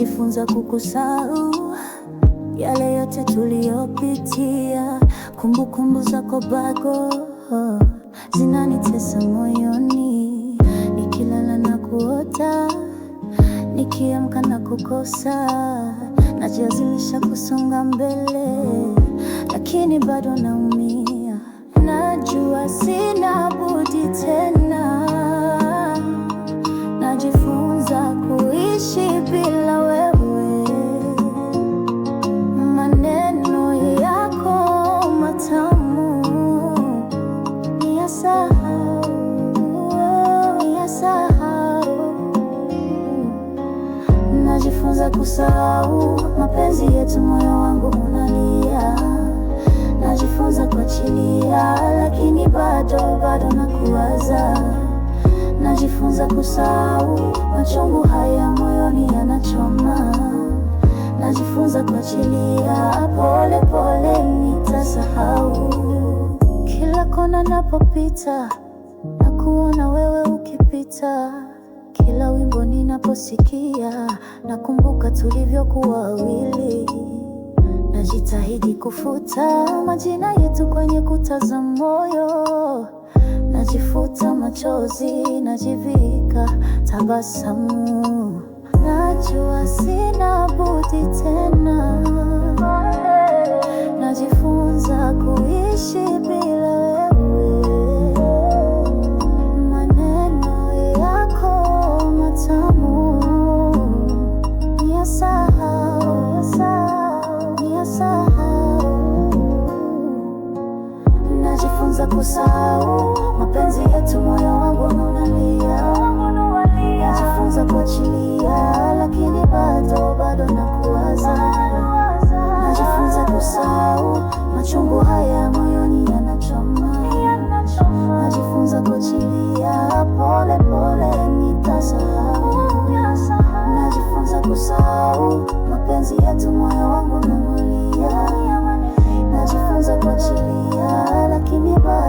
nimejifunza kukusahau, yale yote tuliyopitia. Kumbukumbu zako bado oh, zinanitesa moyoni, nikilala na kuota, nikiamka na kukosa. Najiazimisha kusonga mbele, lakini bado naumia. Najua sina budi tena Oh, Najifunza kusahau mapenzi yetu, moyo wangu unalia. Najifunza kuachilia, lakini bado bado nakuwaza. Najifunza kusahau machungu haya moyoni yanachoma. Najifunza kuachilia, pole pole nitasahau. Kila kona napopita na kuona wewe ukipita, kila wimbo ninaposikia nakumbuka tulivyokuwa wawili. Najitahidi kufuta majina yetu kwenye kuta za moyo, najifuta machozi, najivika tabasamu, najua sina budi tena Najifunza kusahau mapenzi yetu, moyo wangu unalia, najifunza kuachilia, lakini bado bado nakuwaza. Najifunza kusahau machungu haya moyoni yanachoma, najifunza kuachilia, pole pole nitasahau kusahau mapenzi yetu, moyo wangu namulia, najifunza kuachilia, lakini